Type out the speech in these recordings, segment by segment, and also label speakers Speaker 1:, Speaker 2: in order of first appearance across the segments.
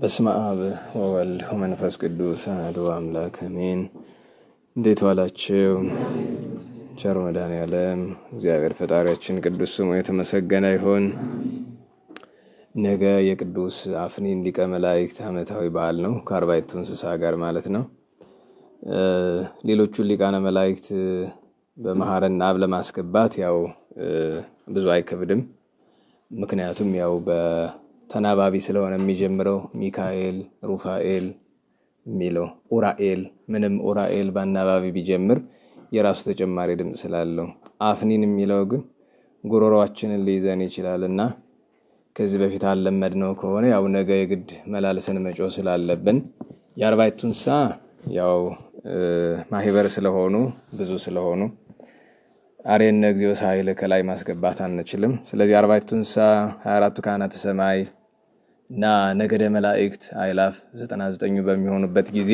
Speaker 1: በስመ አብ ወወልድ ወመንፈስ ቅዱስ አሐዱ አምላክ አሜን። እንዴት ዋላችሁ? ቸር መድኃኔዓለም እግዚአብሔር ፈጣሪያችን ቅዱስ ስሙ የተመሰገነ ይሁን። ነገ የቅዱስ አፍኒን ሊቀ መላእክት ዓመታዊ በዓል ነው፣ ከአርባዕቱ እንስሳ ጋር ማለት ነው። ሌሎቹን ሊቃነ መላእክት በመሐረና አብ ለማስገባት ያው ብዙ አይከብድም። ምክንያቱም ያው ተናባቢ ስለሆነ የሚጀምረው ሚካኤል፣ ሩፋኤል የሚለው ኡራኤል። ምንም ኡራኤል በአናባቢ ቢጀምር የራሱ ተጨማሪ ድምፅ ስላለው፣ አፍኒን የሚለው ግን ጉሮሯችንን ሊይዘን ይችላል እና ከዚህ በፊት አለመድ ነው ከሆነ ያው ነገ የግድ መላልሰን መጮ ስላለብን የአርባዕቱ እንስሳ ያው ማህበር ስለሆኑ ብዙ ስለሆኑ አሬነ እግዚኦ ሳይል ከላይ ማስገባት አንችልም። ስለዚህ አርባዕቱ እንስሳ 24ቱ ካህናተ ሰማይ እና ነገደ መላእክት አይላፍ 99 በሚሆኑበት ጊዜ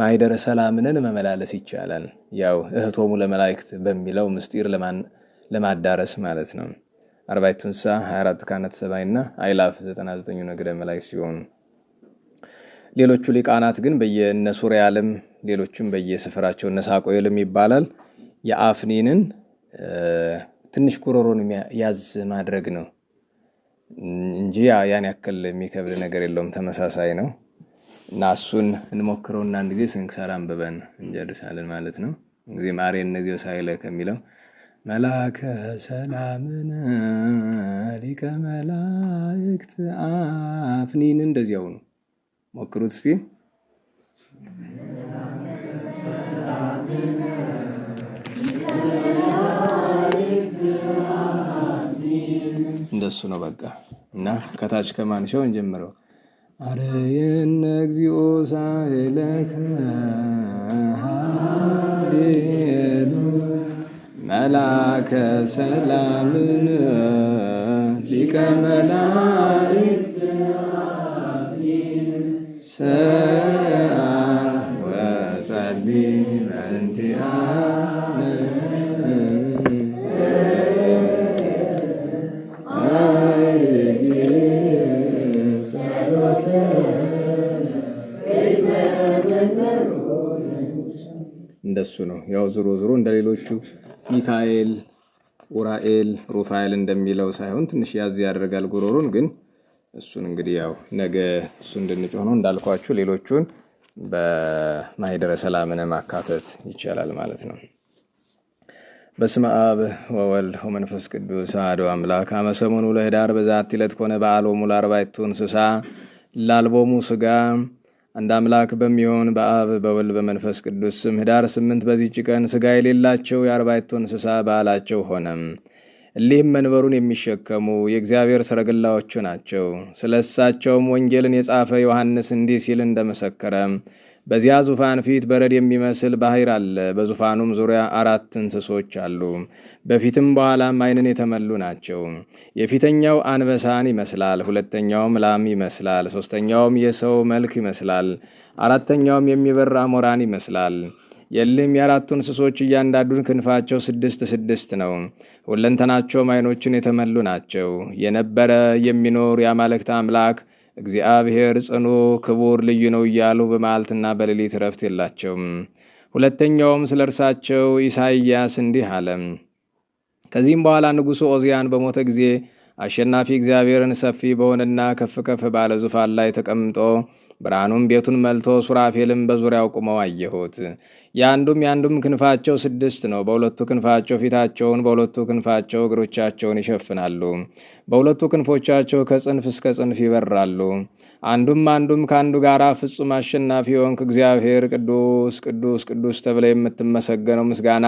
Speaker 1: ማይደረ ሰላምንን መመላለስ ይቻላል። ያው እህቶሙ ለመላእክት በሚለው ምስጢር ለማዳረስ ማለት ነው። አርባዕቱ እንስሳ 24 ካህናተ ሰማይ እና አእላፍ 99 ነገደ መላእክት ሲሆኑ ሌሎቹ ሊቃናት ግን በየእነ ሱርያልም ሌሎቹም በየስፍራቸው እነ ሳቆኤልም ይባላል የአፍኒንን ትንሽ ጉሮሮን ያዝ ማድረግ ነው። እንጂ ያን ያክል የሚከብድ ነገር የለውም። ተመሳሳይ ነው እና እሱን እንሞክረውና አንድ ጊዜ ስንክሳር አንብበን እንጨርሳለን ማለት ነው። እንግዲህ ማሬ እነዚህ ሳይለ ከሚለው መላከ ሰላምን ሊቀ መላእክት አፍኒን እንደዚያው ነው። ሞክሩት እስቲ Thank you. እንደሱ ነው በቃ። እና ከታች ከማንሻው እንጀምረው። አረየነ እግዚኦ ሳይለከ ሃሌሉ መላከ ሰላምን ሊቀ መላእክት እንደሱ ነው። ያው ዝሮ ዝሮ እንደ ሌሎቹ ሚካኤል፣ ኡራኤል፣ ሩፋኤል እንደሚለው ሳይሆን ትንሽ ያዝ ያደርጋል ጉሮሮን። ግን እሱን እንግዲህ ያው ነገ እሱ እንድንጮህ ነው እንዳልኳችሁ ሌሎቹን በማህደረ ሰላምን ማካተት ይቻላል ማለት ነው። በስመ አብ ወወልድ ወመንፈስ ቅዱስ አሐዱ አምላክ። አመ ሰሙኑ ለኅዳር በዛቲ ዕለት ኮነ በዓሎሙ ለአርባዕቱ እንስሳ ላልቦሙ ስጋ አንድ አምላክ በሚሆን በአብ በወልድ በመንፈስ ቅዱስ ስም ህዳር ስምንት በዚች ቀን ስጋ የሌላቸው የአርባይቱ እንስሳ በዓላቸው ሆነም። እሊህም መንበሩን የሚሸከሙ የእግዚአብሔር ሰረገላዎቹ ናቸው። ስለ እሳቸውም ወንጌልን የጻፈ ዮሐንስ እንዲህ ሲል እንደመሰከረ በዚያ ዙፋን ፊት በረድ የሚመስል ባህር አለ። በዙፋኑም ዙሪያ አራት እንስሶች አሉ። በፊትም በኋላም ዓይንን የተመሉ ናቸው። የፊተኛው አንበሳን ይመስላል፣ ሁለተኛውም ላም ይመስላል፣ ሦስተኛውም የሰው መልክ ይመስላል፣ አራተኛውም የሚበር አሞራን ይመስላል። የልም የአራቱ እንስሶች እያንዳንዱን ክንፋቸው ስድስት ስድስት ነው። ሁለንተናቸውም ዓይኖችን የተመሉ ናቸው። የነበረ የሚኖር የአማልክት አምላክ እግዚአብሔር ጽኑ ክቡር ልዩ ነው እያሉ በመዓልትና በሌሊት እረፍት የላቸውም። ሁለተኛውም ስለ እርሳቸው ኢሳይያስ እንዲህ አለ። ከዚህም በኋላ ንጉሡ ኦዚያን በሞተ ጊዜ አሸናፊ እግዚአብሔርን ሰፊ በሆነና ከፍ ከፍ ባለ ዙፋን ላይ ተቀምጦ ብርሃኑም ቤቱን መልቶ ሱራፌልም በዙሪያው ቁመው አየሁት። የአንዱም የአንዱም ክንፋቸው ስድስት ነው። በሁለቱ ክንፋቸው ፊታቸውን፣ በሁለቱ ክንፋቸው እግሮቻቸውን ይሸፍናሉ። በሁለቱ ክንፎቻቸው ከጽንፍ እስከ ጽንፍ ይበራሉ። አንዱም አንዱም ከአንዱ ጋር ፍጹም አሸናፊ የሆንክ እግዚአብሔር ቅዱስ ቅዱስ ቅዱስ ተብለ የምትመሰገነው ምስጋና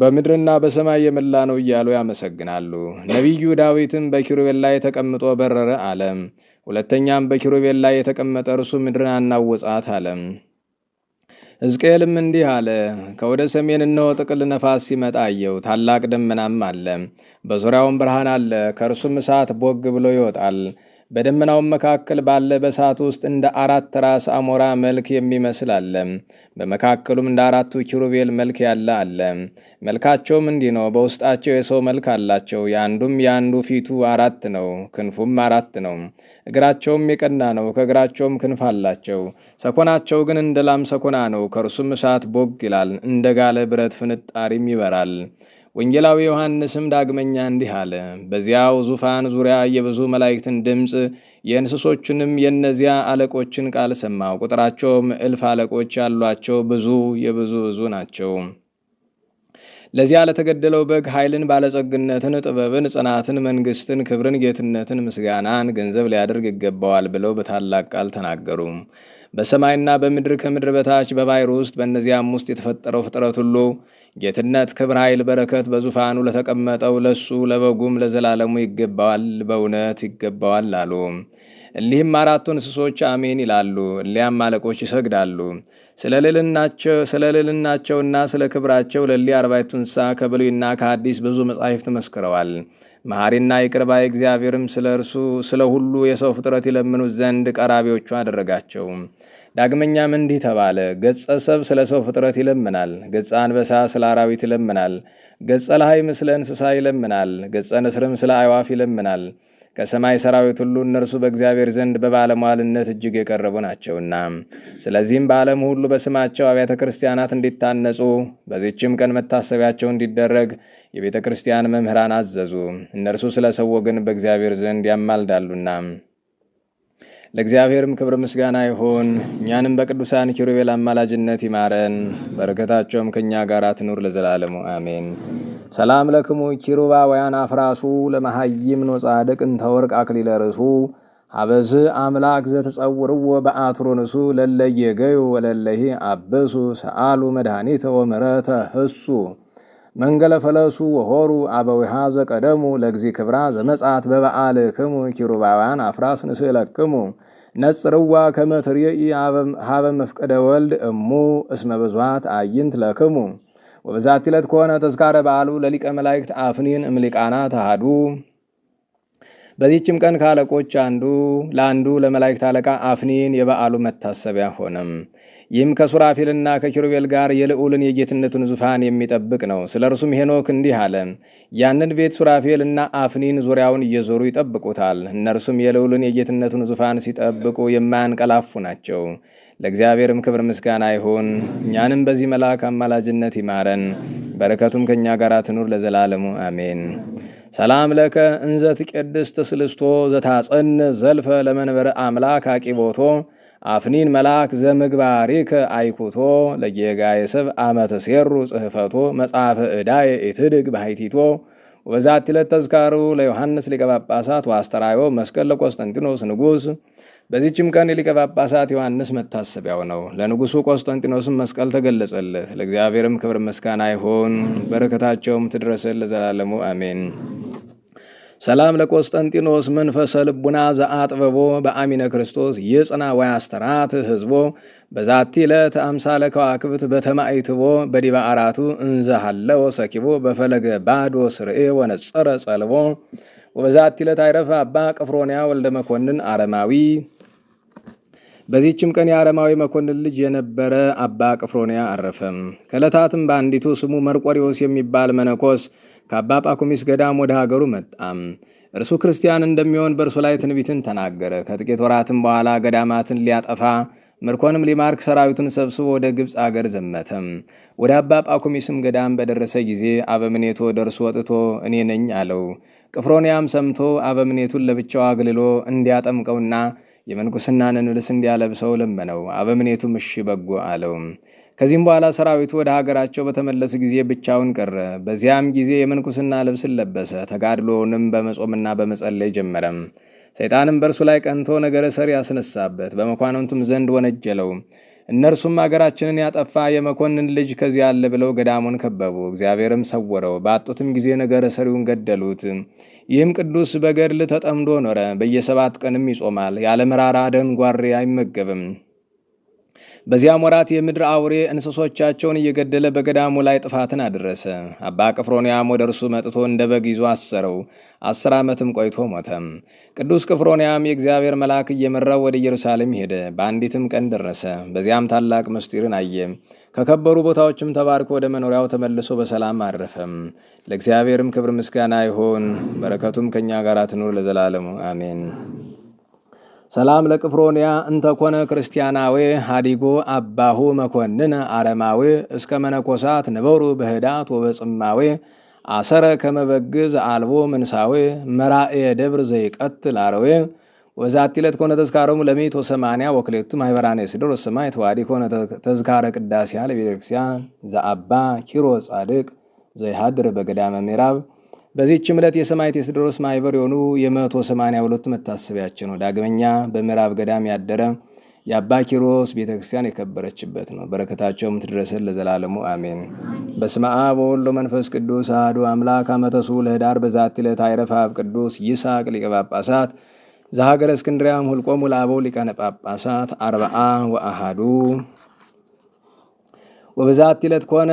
Speaker 1: በምድርና በሰማይ የመላ ነው እያሉ ያመሰግናሉ። ነቢዩ ዳዊትም በኪሩቤል ላይ ተቀምጦ በረረ አለም። ሁለተኛም በኪሩቤል ላይ የተቀመጠ እርሱ ምድርን አናወጻት አለም። ሕዝቅኤልም እንዲህ አለ፣ ከወደ ሰሜን እነሆ ጥቅል ነፋስ ሲመጣ አየው። ታላቅ ደመናም አለ፣ በዙሪያውም ብርሃን አለ፣ ከእርሱም እሳት ቦግ ብሎ ይወጣል። በደመናውም መካከል ባለ በእሳት ውስጥ እንደ አራት ራስ አሞራ መልክ የሚመስል አለ። በመካከሉም እንደ አራቱ ኪሩቤል መልክ ያለ አለ። መልካቸውም እንዲህ ነው። በውስጣቸው የሰው መልክ አላቸው። የአንዱም የአንዱ ፊቱ አራት ነው፣ ክንፉም አራት ነው። እግራቸውም የቀና ነው፣ ከእግራቸውም ክንፍ አላቸው። ሰኮናቸው ግን እንደ ላም ሰኮና ነው። ከእርሱም እሳት ቦግ ይላል፣ እንደ ጋለ ብረት ፍንጣሪም ይበራል። ወንጌላዊ ዮሐንስም ዳግመኛ እንዲህ አለ። በዚያው ዙፋን ዙሪያ የብዙ መላእክትን ድምፅ የእንስሶቹንም የእነዚያ አለቆችን ቃል ሰማው። ቁጥራቸውም እልፍ አለቆች ያሏቸው ብዙ የብዙ ብዙ ናቸው። ለዚያ ለተገደለው በግ ኃይልን፣ ባለጸግነትን፣ ጥበብን፣ ጽናትን፣ መንግስትን፣ ክብርን፣ ጌትነትን፣ ምስጋናን ገንዘብ ሊያደርግ ይገባዋል ብለው በታላቅ ቃል ተናገሩ። በሰማይና በምድር ከምድር በታች በባሕር ውስጥ በእነዚያም ውስጥ የተፈጠረው ፍጥረት ሁሉ ጌትነት፣ ክብር፣ ኃይል፣ በረከት በዙፋኑ ለተቀመጠው ለሱ ለበጉም ለዘላለሙ ይገባዋል፣ በእውነት ይገባዋል አሉ። እሊህም አራቱ እንስሶች አሜን ይላሉ። እሊያም አለቆች ይሰግዳሉ። ስለ ልልናቸውና ስለ ክብራቸው ለሊ አርባይቱ እንስሳ ከብሉይና ከአዲስ ብዙ መጻሕፍት መስክረዋል። መሐሪና ይቅርባይ እግዚአብሔርም ስለ እርሱ ስለ ሁሉ የሰው ፍጥረት ይለምኑት ዘንድ ቀራቢዎቹ አደረጋቸው። ዳግመኛም እንዲህ ተባለ። ገጸ ሰብ ስለ ሰው ፍጥረት ይለምናል። ገጸ አንበሳ ስለ አራዊት ይለምናል። ገጸ ለሐይም ስለ እንስሳ ይለምናል። ገጸ ንስርም ስለ አይዋፍ ይለምናል። ከሰማይ ሰራዊት ሁሉ እነርሱ በእግዚአብሔር ዘንድ በባለሟልነት እጅግ የቀረቡ ናቸውና፣ ስለዚህም በዓለም ሁሉ በስማቸው አብያተ ክርስቲያናት እንዲታነጹ በዚችም ቀን መታሰቢያቸው እንዲደረግ የቤተ ክርስቲያን መምህራን አዘዙ። እነርሱ ስለ ሰው ወገን በእግዚአብሔር ዘንድ ያማልዳሉና ለእግዚአብሔርም ክብር ምስጋና ይሁን። እኛንም በቅዱሳን ኪሩቤል አማላጅነት ይማረን፣ በረከታቸውም ከእኛ ጋር ትኑር ለዘላለሙ አሜን። ሰላም ለክሙ ኪሩባ ወያን አፍራሱ ለመሃይም ኖጻድቅ እንተ ወርቅ አክሊለ ርእሱ አበዝ አምላክ ዘተጸውርዎ በአትሮ ንሱ ለለየገዩ ወለለሂ አበሱ ሰአሉ መድኃኒተ ወምረተ ህሱ መንገለ ፈለሱ ወሆሩ አበዊሃ ዘቀደሙ ለግዚ ክብራ ዘመጻት በበዓል ክሙ ኪሩባውያን አፍራስ ንስእለክሙ ነጽርዋ ከመትርኢ ሃበ መፍቀደ ወልድ እሙ እስመ ብዙት አይንት ለክሙ ወበዛቲ ይለት ከሆነ ተዝካረ በዓሉ ለሊቀ መላእክት አፍኒን እምሊቃና ተሃዱ። በዚህችም ቀን ከአለቆች አንዱ ለአንዱ ለመላእክት አለቃ አፍኒን የበዓሉ መታሰቢያ ሆነም። ይህም ከሱራፌልና ከኪሩቤል ጋር የልዑልን የጌትነቱን ዙፋን የሚጠብቅ ነው። ስለ እርሱም ሄኖክ እንዲህ አለ። ያንን ቤት ሱራፌልና አፍኒን ዙሪያውን እየዞሩ ይጠብቁታል። እነርሱም የልዑልን የጌትነቱን ዙፋን ሲጠብቁ የማያንቀላፉ ናቸው። ለእግዚአብሔርም ክብር ምስጋና ይሁን። እኛንም በዚህ መልአክ አማላጅነት ይማረን። በረከቱም ከእኛ ጋር ትኑር ለዘላለሙ አሜን። ሰላም ለከ እንዘት ቅድስት ስልስቶ ዘታጸን ዘልፈ ለመንበረ አምላክ አቂቦቶ አፍኒን መልአክ ዘምግባሪክ አይኩቶ ለጌጋ የሰብ አመ ሴሩ ጽህፈቶ መጽሐፈ ዕዳየ ኢትድግ ባሕቲቶ ወበዛቲ ዕለት ተዝካሩ ለዮሐንስ ሊቀ ጳጳሳት ወአስተርአዮ መስቀል ለቆስጠንጢኖስ ንጉስ በዚችም ቀን የሊቀ ጳጳሳት ዮሐንስ መታሰቢያው ነው። ለንጉሱ ቆስጠንጢኖስም መስቀል ተገለጸለት። ለእግዚአብሔርም ክብር ምስጋና ይሁን፣ በረከታቸውም ትድረስን ለዘላለሙ አሜን። ሰላም ለቆስጠንጢኖስ መንፈሰ ልቡና ዘአጥበቦ በአሚነ ክርስቶስ ይጽና ወያስተራት ህዝቦ በዛቲ ዕለት አምሳለ ከዋክብት በተማይትቦ በዲባ አራቱ እንዘሃለው ሰኪቦ በፈለገ ባዶ ስርኤ ወነጸረ ጸልቦ ወበዛቲ ዕለት አይረፈ አባ ቅፍሮንያ ወልደ መኮንን አረማዊ። በዚህችም ቀን የአረማዊ መኮንን ልጅ የነበረ አባ ቅፍሮንያ አረፈም። ከዕለታትም በአንዲቱ ስሙ መርቆሪዎስ የሚባል መነኮስ ከአባ ጳኩሚስ ገዳም ወደ ሀገሩ መጣም። እርሱ ክርስቲያን እንደሚሆን በእርሱ ላይ ትንቢትን ተናገረ። ከጥቂት ወራትም በኋላ ገዳማትን ሊያጠፋ ምርኮንም ሊማርክ ሰራዊቱን ሰብስቦ ወደ ግብፅ አገር ዘመተም። ወደ አባ ጳኩሚስም ገዳም በደረሰ ጊዜ አበምኔቱ ወደ እርሱ ወጥቶ እኔ ነኝ አለው። ቅፍሮንያም ሰምቶ አበምኔቱን ለብቻው አግልሎ እንዲያጠምቀውና የምንኩስናን ልብስ እንዲያለብሰው ለመነው። አበምኔቱም እሺ በጎ አለው። ከዚህም በኋላ ሰራዊቱ ወደ ሀገራቸው በተመለሱ ጊዜ ብቻውን ቀረ። በዚያም ጊዜ የምንኩስና ልብስን ለበሰ። ተጋድሎውንም በመጾምና በመጸለይ ጀመረም። ሰይጣንም በእርሱ ላይ ቀንቶ ነገረ ሰሪ ያስነሳበት፣ በመኳንንቱም ዘንድ ወነጀለው። እነርሱም አገራችንን ያጠፋ የመኮንን ልጅ ከዚህ አለ ብለው ገዳሙን ከበቡ። እግዚአብሔርም ሰወረው። ባጡትም ጊዜ ነገረ ሰሪውን ገደሉት። ይህም ቅዱስ በገድል ተጠምዶ ኖረ። በየሰባት ቀንም ይጾማል። ያለ መራራ ደንጓሬ አይመገብም። በዚያም ወራት የምድር አውሬ እንስሶቻቸውን እየገደለ በገዳሙ ላይ ጥፋትን አደረሰ። አባ ቅፍሮንያም ወደ እርሱ መጥቶ እንደ በግ ይዞ አሰረው። አስር ዓመትም ቆይቶ ሞተም። ቅዱስ ቅፍሮንያም የእግዚአብሔር መልአክ እየመራው ወደ ኢየሩሳሌም ሄደ። በአንዲትም ቀን ደረሰ። በዚያም ታላቅ ምስጢርን አየ። ከከበሩ ቦታዎችም ተባርኮ ወደ መኖሪያው ተመልሶ በሰላም አረፈም። ለእግዚአብሔርም ክብር ምስጋና ይሆን፣ በረከቱም ከእኛ ጋር ትኑር ለዘላለሙ አሜን። ሰላም ለቅፍሮንያ እንተኮነ ክርስቲያናዊ ሃዲጎ አባሁ መኮንን አረማዊ እስከ መነኮሳት ንበሩ በህዳት ወበጽማዌ አሰረ ከመበግዝ አልቦ ምንሳዊ መራእየ ደብር ዘይቀት አረዌ ወዛቲ ዕለት ከሆነ ተዝካሮሙ ለሚእት ወሰማንያ ወክሌቱ ማይበራን ስድር ወሰማይ ተዋዲ ከሆነ ተዝካረ ቅዳሴ ለቤተክርስቲያን ዘአባ ኪሮ ጻድቅ ዘይሃድር በገዳመ ምዕራብ በዚህችም ዕለት የሰማዕት የስድሮስ ማኅበር የሆኑ የመቶ ሰማንያ ሁለቱ መታሰቢያቸው ነው። ዳግመኛ በምዕራብ ገዳም ያደረ የአባ ኪሮስ ቤተ ክርስቲያን የከበረችበት ነው። በረከታቸውም ትድረሰን ለዘላለሙ አሜን። በስመ አብ ወወልድ ወመንፈስ ቅዱስ አሐዱ አምላክ። አመተሱ ለኅዳር በዛቲ ዕለት አይረፈ አብ ቅዱስ ይስሐቅ ሊቀ ጳጳሳት ዘሀገረ እስክንድሪያም ሁልቆሙ ለአበው ሊቃነ ጳጳሳት አርብዓ ወአሃዱ ወበዛት ይለት ኮነ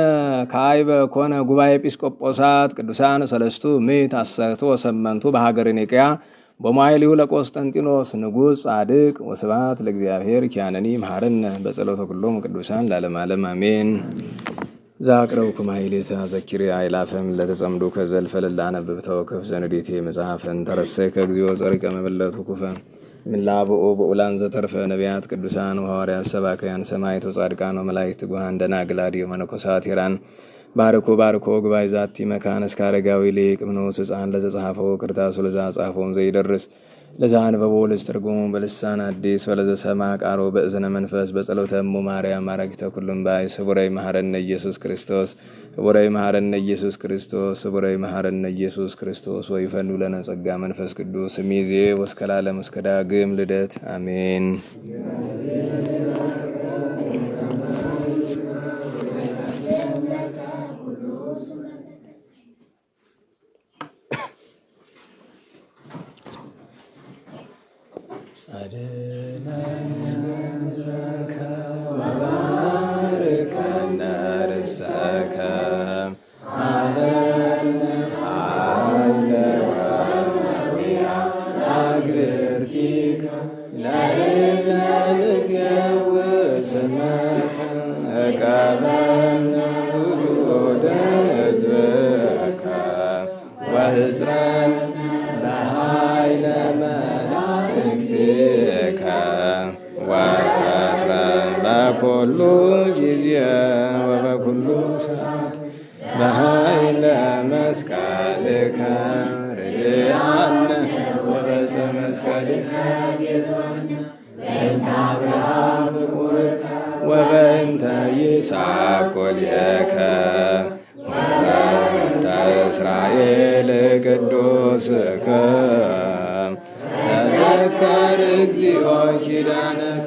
Speaker 1: ከአይበ ኮነ ጉባኤ ኤጲስቆጶሳት ቅዱሳን ሰለስቱ ምዕት አሰርቱ ወሰመንቱ በሀገረ ኒቅያ በማይሊሁ ለቆስጠንጢኖስ ንጉሥ ጻድቅ። ወስባት ለእግዚአብሔር ኪያነኒ መሐረነ በጸሎተ ኩሎሙ ቅዱሳን ለዓለመ ዓለም አሜን። ዛቅረው ኩማይሌት አዘኪሬ አእላፈም ለተጸምዱ ከዘልፈ ለላነብብ ተወክፍ ዘንዴቴ መጽሐፈን ተረሰይ ከእግዚኦ ጸሪቀ መበለቱ ኩፈ ላብ በኡላን ዘተርፈ ነቢያት ቅዱሳን ሐዋርያት ሰባክያን ሰማይቶ ጻድቃን መላእክት ጉሃን ደናግላድ መነኮሳት ሄራን ባርኮ ባርኮ ግባይ ዛቲ መካን እስከ አረጋዊ ሊቅ ምኖስ ሕፃን ለዘጸሐፈው ቅርታሱ ለዛ ጻፈውን ዘይደርስ ለዛ አንበቦ ለዝትርጉሙ በልሳን አዲስ ወለዘ ሰማ ቃሮ በእዝነ መንፈስ በጸሎተ እሙ ማርያም አረጊተ ኩሉም ባይ ስቡረይ መሐረነ ኢየሱስ ክርስቶስ ስቡራዊ መሐረነ ኢየሱስ ክርስቶስ ስቡራዊ መሐረነ ኢየሱስ ክርስቶስ ወይፈኑ ለነ ጸጋ መንፈስ ቅዱስ ሚዜ ወስከ ለዓለም እስከ ዳግም ልደት አሜን።
Speaker 2: አድነን በኩሉ ጊዜ ወበኩሉ ሰዓት በኃይለ መስቀልከ ርድአነ ወበእፀ መስቀልከ በእንተ አብርሃም ፍቁርከ ወበእንተ ይስሐቅ ወልየከ ወበእንተ እስራኤል ቅዱስከ ተዘከር እግዚኦ ኪዳነከ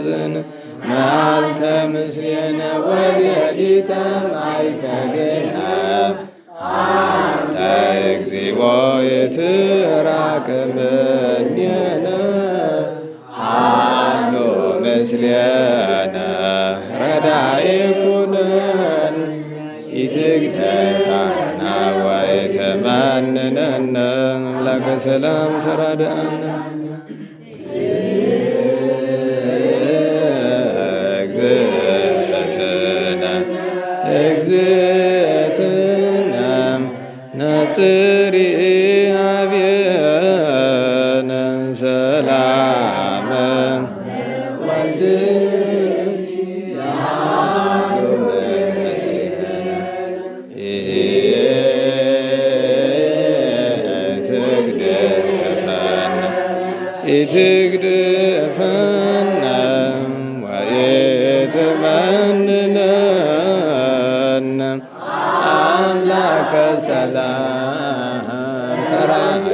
Speaker 2: አመዛዝን መዓልተ ምስሌነ ወሌሊተ ማይከሌነ አንተ እግዚኦ ይትራቅብኔነ ሃሎ ምስሌነ ረዳኢኩነን ኢትግደካና ወይትመንነነ አምላከ ሰላም አምላከ ሰላም ተራድአነ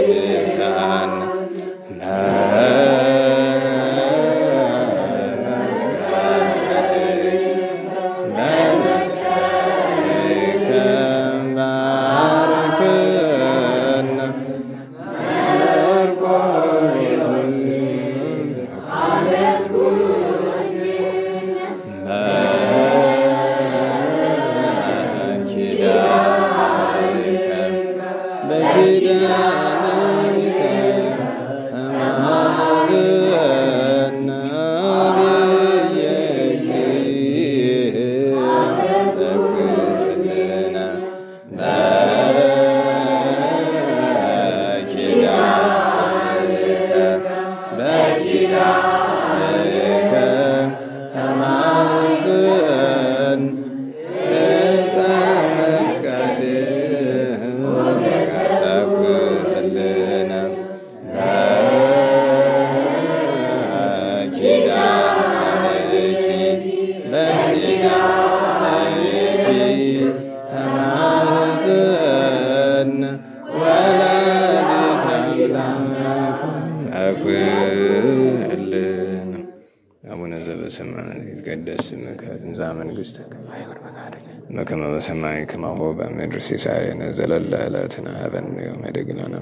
Speaker 2: Vajra በከመ በሰማይ ከማሁ በምድር ሲሳይ ነዘለለ ዕለትነ ሀበነ ዮም ኅድግ ለነ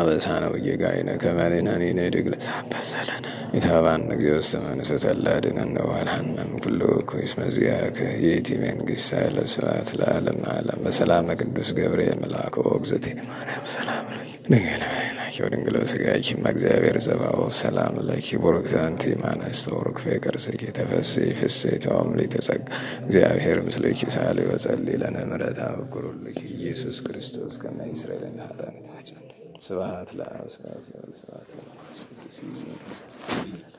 Speaker 2: አበሳነ ወጌጋየነ ከመ ንሕነኒ ንድግ ለሰብእ ዘለነ ኢትሃባነ እግዚኦ ውስተ መንሱት አላድነነ ወሃልሃነ እምኩሉ ኩስ እስመ ዚአከ ይእቲ መንግሥተ ለስብሐት ለዓለመ ዓለም። በሰላም ቅዱስ ገብርኤል መልአክ ወእግዝእትነ ማርያም ሰላም ድንግል ማርያም ወድንግሎ ሥጋኪ እግዚአብሔር ዘባው ሰላም ለኪ ቡርክት አንቲ ማነስተ ወርክፌ ቅርስኪ ተፈሥሒ ፍሥሕተ ወምልዕተ ጸጋ እግዚአብሔር ምስልኪ ሳሊ ወጸሊ ለነ ምሕረተ አብኩሩልኪ ኢየሱስ ክርስቶስ ከመ ይስረይ ለነ ኃጢአት ስብሐት ለአብ ስብሐት ለወልድ ስብሐት ለመንፈስ ቅዱስ